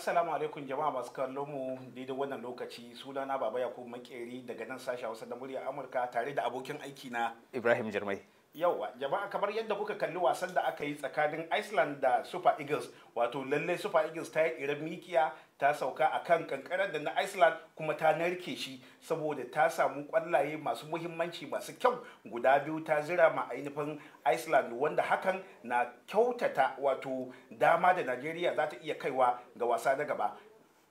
Assalamu alaikum jama'a masu kallon mu daidai wannan lokaci sunana Baba Yakubu Makeri daga nan sashen Hausa da murya Amurka tare da abokin aiki na Ibrahim Jirmai. Yauwa jama'a kamar yadda kuka kalli wasan da aka yi tsakanin Iceland da Super Eagles wato lallai Super Eagles ta yi irin mikiya ta sauka a kan kankarar da na iceland kuma ta narke shi saboda ta samu kwallaye masu muhimmanci masu kyau guda biyu ta zira ma ainihin iceland wanda hakan na kyautata wato dama da nigeria za ta iya kaiwa ga wasa na gaba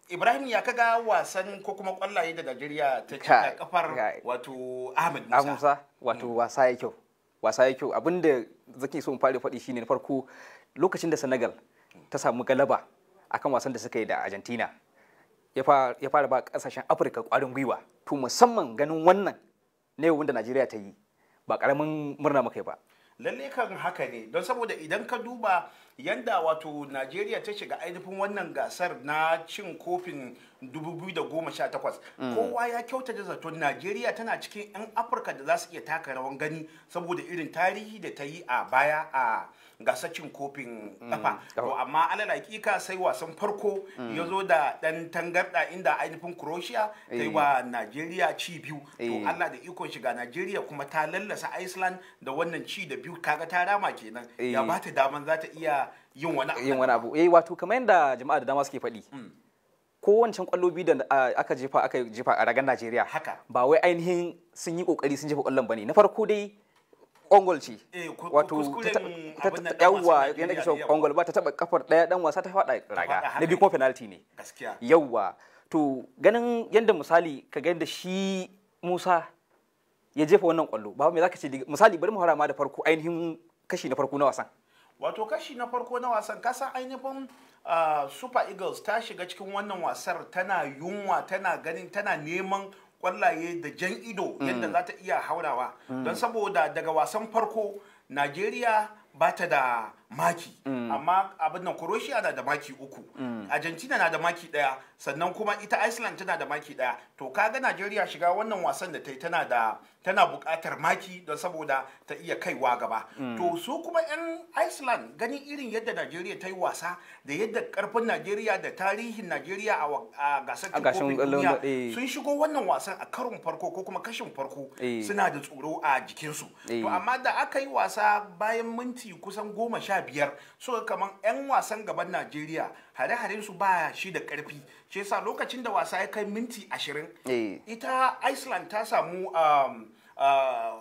ibrahim ya kaga wasan ko kuma kwallaye da nigeria ta cika kafar wato ahmed musa wato mm. wasa ya kyau wasa ya kyau abinda zake so in fara faɗi shine na farko lokacin da senegal ta samu galaba akan wasan da suka yi da Argentina ya fara ba kasashen Afirka kwarin gwiwa to musamman ganin wannan ne wanda Najeriya ta yi ba karamin murna muka yi ba lalle kan haka ne don saboda idan ka duba yanda wato najeriya ta shiga ainihin wannan gasar na cin kofin 2018 mm. kowa ya kyautata zaton najeriya tana cikin 'yan afirka da za su iya taka rawan gani saboda irin tarihi da ta yi a baya a gasar cin kofin mm. kafa to oh. amma alal hakika sai wasan farko mm. ya zo da dan tangarda inda ainihin Croatia ta yi eh. wa Najeriya ci biyu to eh. Allah da ikon shiga Najeriya kuma ta lallasa Iceland da wannan ci da biyu kaga ta rama kenan eh. ya ba ta daman za ta iya yin wani abu yin wani abu eh wato kamar yadda jama'a da dama suke faɗi mm. kowancan kwallo biyu da aka jefa aka jefa a ragar Najeriya haka ba wai ainihin sun yi kokari sun jefa kwallon ne, na farko dai ongol ce eh, wato yawwa yana kisa ongol ba ta taba kafar daya dan wasa ta fada raga na biyu kuma penalty ne yawwa to ganin yadda misali ka ga da shi Musa ya jefa wannan kwallo ba me zaka ce misali bari mu ma da farko ainihin kashi na farko na wasan wato kashi na farko na wasan san ainihin ah, super eagles ta shiga cikin wannan wasar tana yunwa tana ganin tana neman kwallaye da jan ido mm. yadda za ta iya haurawa mm. don saboda daga wasan farko najeriya ba ta da maki mm. amma abin nan Croatia na da maki uku mm. Argentina na da maki daya sannan kuma ita Iceland tana da maki daya to kaga nigeria shiga wannan wasan da ta yi tana da tana buƙatar maki don saboda ta iya kaiwa gaba mm. to su kuma 'yan Iceland ganin irin yadda nigeria ta yi wasa da yadda karfin nigeria da tarihin nigeria a gasar kofin duniya eh. sun shigo wannan wasan a karon farko ko kuma kashin farko eh. suna da tsoro a jikinsu to eh. amma da aka yi wasa bayan minti kusan goma sha biyar so kamar 'yan wasan gaban najeriya hare-haren su ba shi da karfi ce sa lokacin da wasa ya kai minti ashirin eh. ita iceland ta samu um, uh,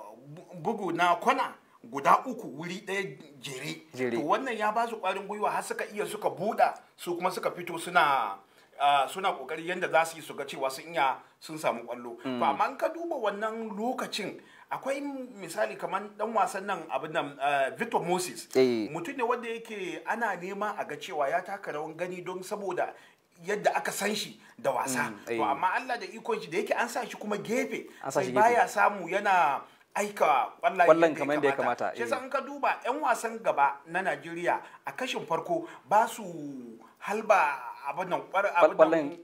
bugu na kwana guda uku wuri ɗaya jere to wannan ya ba su ƙwarin gwiwa har suka iya suka buɗa su kuma suka fito suna Uh, suna kokari yadda za su yi su ga cewa sun iya sun samu kwallo mm. to amma ka duba wannan lokacin akwai misali kamar dan wasan nan abin nan eh, Victor Moses eh. mutum ne wanda yake ana nema a ga cewa ya taka rawan gani don saboda yadda aka san shi da wasa mm, eh. to amma Allah da ikon shi da yake an sa shi kuma gefe sai baya samu yana aika kwallon kamar da ya kamata shi san ka duba yan wasan gaba na Najeriya a kashin farko ba su halba abin nan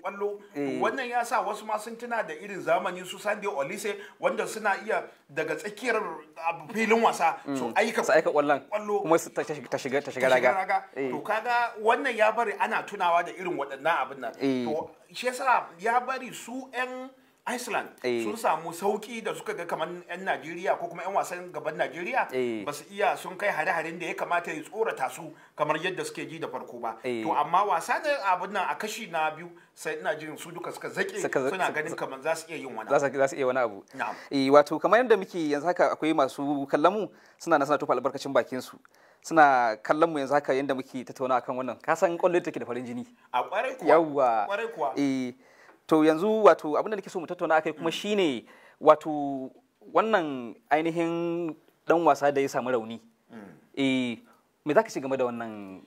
kwallo eh. wannan ya sa wasu ma sun tuna da irin zamani su Sunday Olise wanda suna iya daga tsakiyar ah, filin wasa su mm. aika kwallon kuma su ta shiga ta shiga raga eh. to kaga wannan ya bari ana tunawa da irin waɗannan abin nan eh. to shi yasa ya bari su 'yan Iceland eh. sun samu sauki da suka ga kamar 'yan Najeriya ko kuma 'yan wasan gaban Najeriya eh. ba su iya sun kai hare-haren da ya kamata ya tsorata su kamar yadda suke ji da farko ba. Eh. To amma wasa da abin nan a kashi na biyu sai ina jin su duka suka zake suna ganin kamar za su iya yin wani abu. Za su iya wani abu. Wato kamar yadda muke yanzu haka akwai masu kallon mu suna na suna tufa albarkacin bakin su. suna kallon mu yanzu haka yadda muke tattauna akan wannan kasan kwallo take da farin jini a kwarai kuwa yawwa kwarai kuwa eh to yanzu wato abin da nake so mu tattauna akai kuma mm. shine wato wannan ainihin dan wasa da ya samu rauni mm. eh me zaka ce game da wannan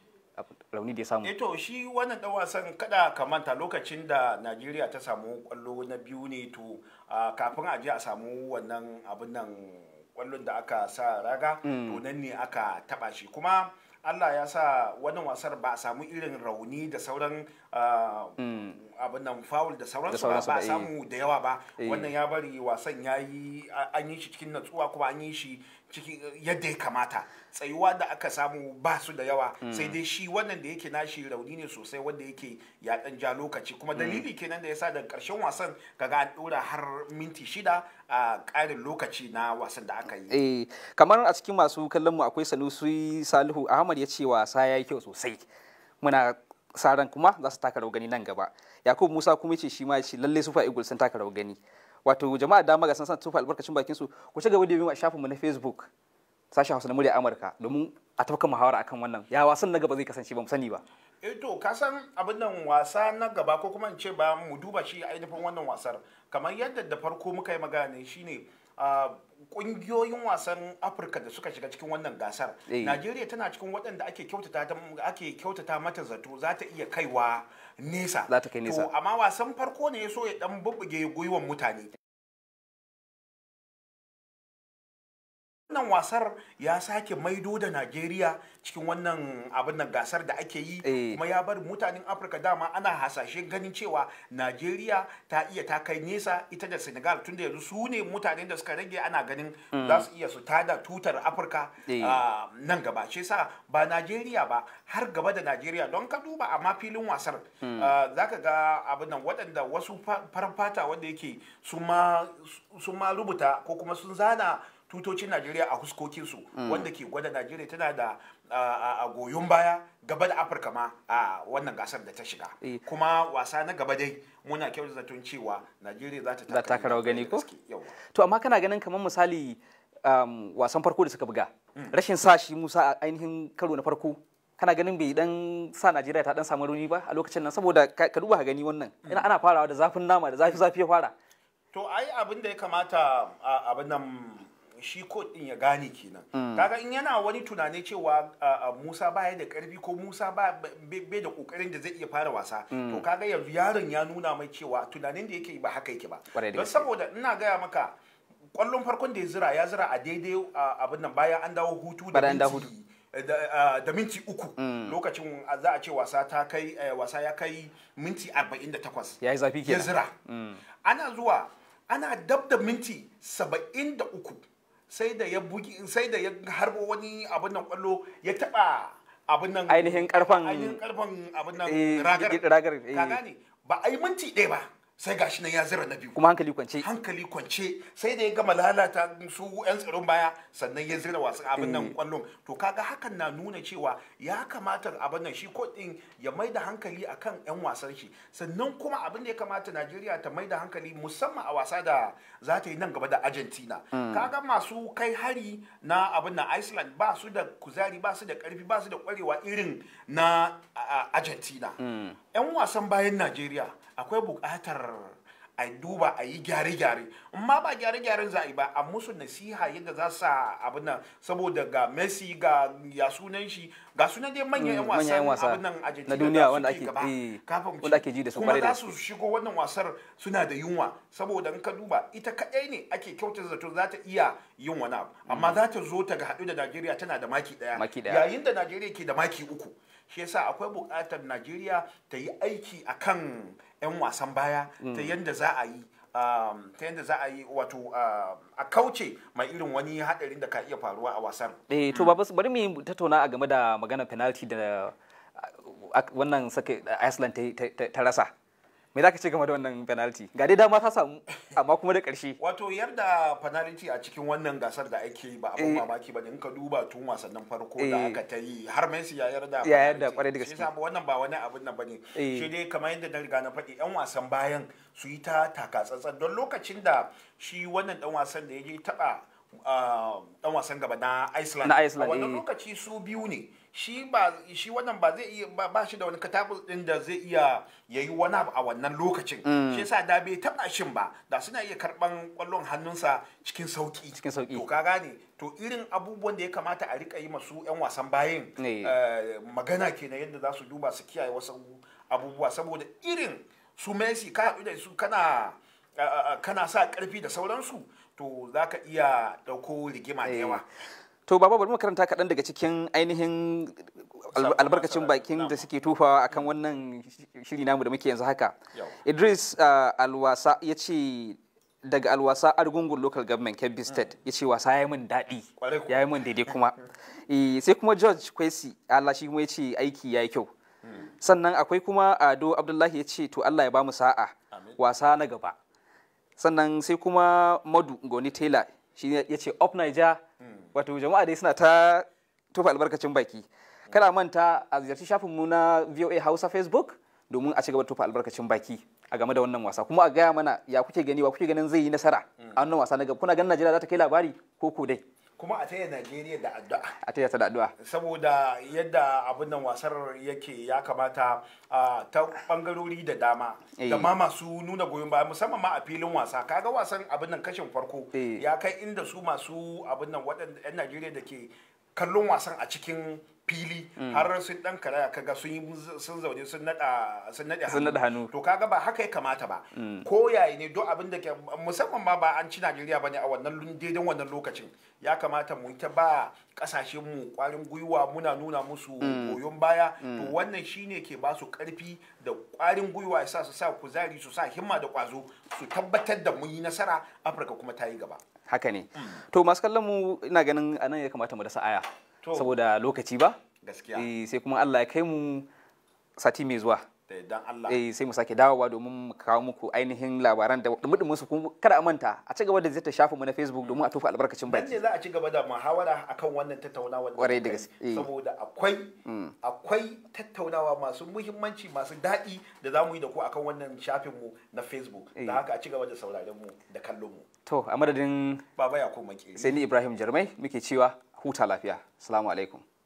rauni da ya samu eh to shi wannan dan wasan kada ka manta lokacin da Najeriya ta samu kwallo na biyu ne to kafin a je a samu wannan abin nan kwallon da aka sa raga to mm. nan ne aka taba shi kuma Allah ya sa wannan wasar ba a samu irin rauni da sauran ah, mm. abin nan da sauran su ba a eh. samu da yawa ba eh. wannan ya bari wasan ya yi an yi shi cikin natsuwa kuma an yi shi ciki yadda ya kamata tsayuwa da aka samu ba su da yawa mm. sai dai shi wannan da yake nashi rauni ne sosai wanda yake ya dan ja lokaci kuma mm. dalili kenan da ya sa daga karshen wasan kaga an dora har minti shida a ƙarin lokaci na wasan da aka yi eh, kamar a cikin masu kallon mu akwai Sanusi Salihu Ahmad Ahmad ya ce wasa ya yi kyau sosai muna sa ran kuma za su taka rawar gani nan gaba Yakubu Musa kuma ce shi ma ya ce lalle Super Eagles sun taka rawar gani wato jama'a dama ga sansan san tufa albarkacin bakin su ku ci gaba da bin shafin mu na Facebook sashen Hausa na murya Amurka domin a tafka muhawara akan wannan ya wasan na gaba zai kasance ba mu sani ba eh to ka san abin nan wasa na gaba ko kuma in ce ba mu duba shi ainihin wannan wasar kamar yadda da farko muka yi magana shine kungiyoyin wasan afirka da suka shiga cikin wannan gasar eh. najeriya tana cikin waɗanda ake kyautata mata zato za ta iya kaiwa nesa za ta kai nesa to amma wasan farko ne ya so ya dan bubbuge gwiwan mutane wannan wasar ya sake maido da najeriya cikin wannan abin nan gasar da ake yi eh. kuma ya bar mutanen afirka dama ana hasashe ganin cewa najeriya ta iya ta kai nesa ita da senegal tunda yanzu su ne mutanen da suka rage ana ganin mm. za su iya su tada tutar afirka eh. ah, nan gaba ce sa ba najeriya ba har gaba da najeriya don ka duba amma filin wasar mm. ah, za ka ga abin nan waɗanda wasu farfata wanda yake su ma rubuta ko kuma sun zana tutocin najeriya a huskokinsu mm. wanda ke gwada najeriya tana da a goyon baya gaba da afirka ma a wannan gasar da ta shiga eh. kuma wasa na gaba dai muna kyau zaton cewa najeriya za ta taka rawa gani ko to amma kana ganin kamar misali um, wasan farko da suka buga mm. rashin sashi musa a ainihin karo na farko kana ganin bai dan sa Najeriya ta dan samu rauni ba a lokacin nan saboda ka duba gani wannan mm. ina ana farawa da zafin nama da zafi zafi ya fara to ai abin da ya kamata abin nan shi coach din ya gane kenan hmm. kaga in yana wani tunane cewa Musa baya da karfi ko Musa ba bai da kokarin da zai iya fara wasa hmm. to kaga yanzu yaron ya nuna mai cewa tunanin da yake ba haka yake ba don saboda ina gaya maka kwallon farkon da ya zira ya zira a daidai abin nan bayan an dawo hutu da hutu da minti uku hmm. lokacin za a ce wasa ta kai eh, wasa ya kai minti 48 ya yi zafi kenan ya zira ana zuwa ana dab da minti 73 sai da ya bugi sai da ya harbo wani abin nan kwallo ya taba abin nan ainihin karfan ainihin karfan abin nan eh, ragar ragar eh. ka gane ba ai minti ɗaya ba sai gashi nan ya zira na biyu kuma hankali kwance hankali kwance sai da ya gama lalata su yan tsaron baya sannan ya zira wasan abin nan eh. kwallon to kaga hakan na nuna cewa ya kamata abin nan shi ko din ya mai da hankali akan yan wasan shi sannan kuma abin da ya kamata Najeriya ta mai da hankali musamman a wasa da za ta yi nan gaba da Argentina mm. kaga masu kai hari na abin nan Iceland ba su da kuzari ba su da karfi ba su da kwarewa irin na Argentina yan mm. wasan bayan Najeriya akwai bukatar a duba a yi gyare-gyare amma ba gyare-gyaren za a yi ba a musu nasiha yadda za su abin nan saboda ga messi ga ya sunan shi ga sunan dai manyan mm, yan wasan abin nan na duniya wanda ake eh, wanda ake ji da su kuma za su shigo wannan wasar suna da yunwa saboda in ka duba ita kadai ne ake kyautar zato za ta iya yin wani abu amma mm. za ta zo ta ga haɗu da najeriya tana da maki ɗaya yayin da najeriya ke da maki uku shi yasa akwai buƙatar najeriya ta yi aiki akan 'yan wasan baya ta mm. yadda za a yi um, ta yadda za a yi wato um, a kauce mai irin wani haɗarin da ka iya faruwa a wasan. Eh to mm. babu bari mu tattauna a game da magana penalty da uh, wannan sake uh, Iceland ta rasa. me za ka ce game da wannan penalty ga dai dama ta samu amma kuma da ƙarshe wato yarda penalty a cikin wannan gasar da ake ba abin eh. mamaki ba ne in ka duba tun wasannin farko da eh. aka ta yi har Messi ya yarda ya yarda kwarai da gaske wannan ba wani abin nan bane eh. shi dai kamar yadda na riga na faɗi yan wasan bayan su yi ta takatsantsan don lokacin da shi wannan ɗan wasan da ya je taɓa Um, dan wasan gaba na Iceland. Na Iceland. A wannan eh. lokaci su biyu ne. Shi ba shi wannan ba zai iya ba shi da wani katabul din da zai iya yayi wani abu a wannan lokacin. Mm. Shi yasa da bai taba shin ba da suna iya karban kwallon hannunsa cikin sauki. Cikin sauki. To ka gane to irin abubuwan da ya kamata a rika yi masu yan wasan bayin. Eh, magana kenan yadda za su duba su kiyaye wasu abubuwa saboda irin su Messi ka haɗu da su kana kana sa karfi da sauransu to za ka iya ɗauko rigima da yawa eh, to baba bari mu karanta kaɗan daga cikin ainihin albarkacin bakin da suke tufawa akan wannan shiri namu da muke yanzu haka idris uh, alwasa ya ce daga alwasa argungun local government kebbi mm. state ya ce wasa ya yi min daɗi ya yi min daidai kuma eh, sai kuma george kwesi allah shi kuma ya ce aiki ya yi kyau mm. sannan akwai kuma ado abdullahi ya ce to allah ya ba mu sa'a wasa na gaba sannan sai kuma madu goni tela shi ya ce up niger hmm. wato jama'a dai suna ta tufa albarkacin baki kada manta a ziyarci shafin mu na voa hausa facebook domin a ci gaba tufa albarkacin baki a game da wannan wasa kuma a gaya mana ya kuke gani wa kuke ganin zai yi nasara a hmm. wannan wasa na gaba kuna ganin najeriya za ta kai labari ko ko dai kuma a taya Najeriya da addu'a. A taya ta da addu'a. Saboda yadda abin nan wasar yake ya kamata ta bangarori da dama. Eh. Da ma masu nuna goyon baya musamman ma a filin wasa. Kaga wasan abin nan kashin farko eh. ya kai inda su masu abin nan waɗanda 'yan Najeriya da ke kallon wasan a cikin fili mm. har sun dan karaya kaga sun yi sun zaune sun nada sun nada sun nada hannu to kaga ba haka ya kamata ba mm. ko yayi ne duk abin da musamman ma ba an ci Najeriya bane a wannan daidan wannan lokacin ya kamata mu ta ba kasashen mu kwarin gwiwa muna nuna musu mm. goyon baya to wannan shine ke ba su karfi da kwarin gwiwa ya sa su sa kuzari su sa himma da kwazo su tabbatar da mun yi nasara Afirka kuma ta yi gaba haka ne to masu kallon mu ina ganin anan ya kamata mu da sa'aya saboda lokaci ba eh, sai kuma Allah ya kai mu sati mai zuwa eh, sai mu sake dawowa domin mu kawo muku ainihin labaran da mudumin su kada a manta a ci gaba da ta shafi mu na Facebook domin a tofa albarkacin baki. Dan ne za a ci gaba da muhawara akan wannan tattaunawa da kai eh. saboda akwai mm. akwai tattaunawa masu muhimmanci masu daɗi da za mu yi da ku akan wannan shafin mu na Facebook da haka a ci gaba da sauraron mu da kallon mu. To a madadin Baba Yakubu Makeri sai ni Ibrahim Jarmai muke cewa huta lafiya salamu alaikum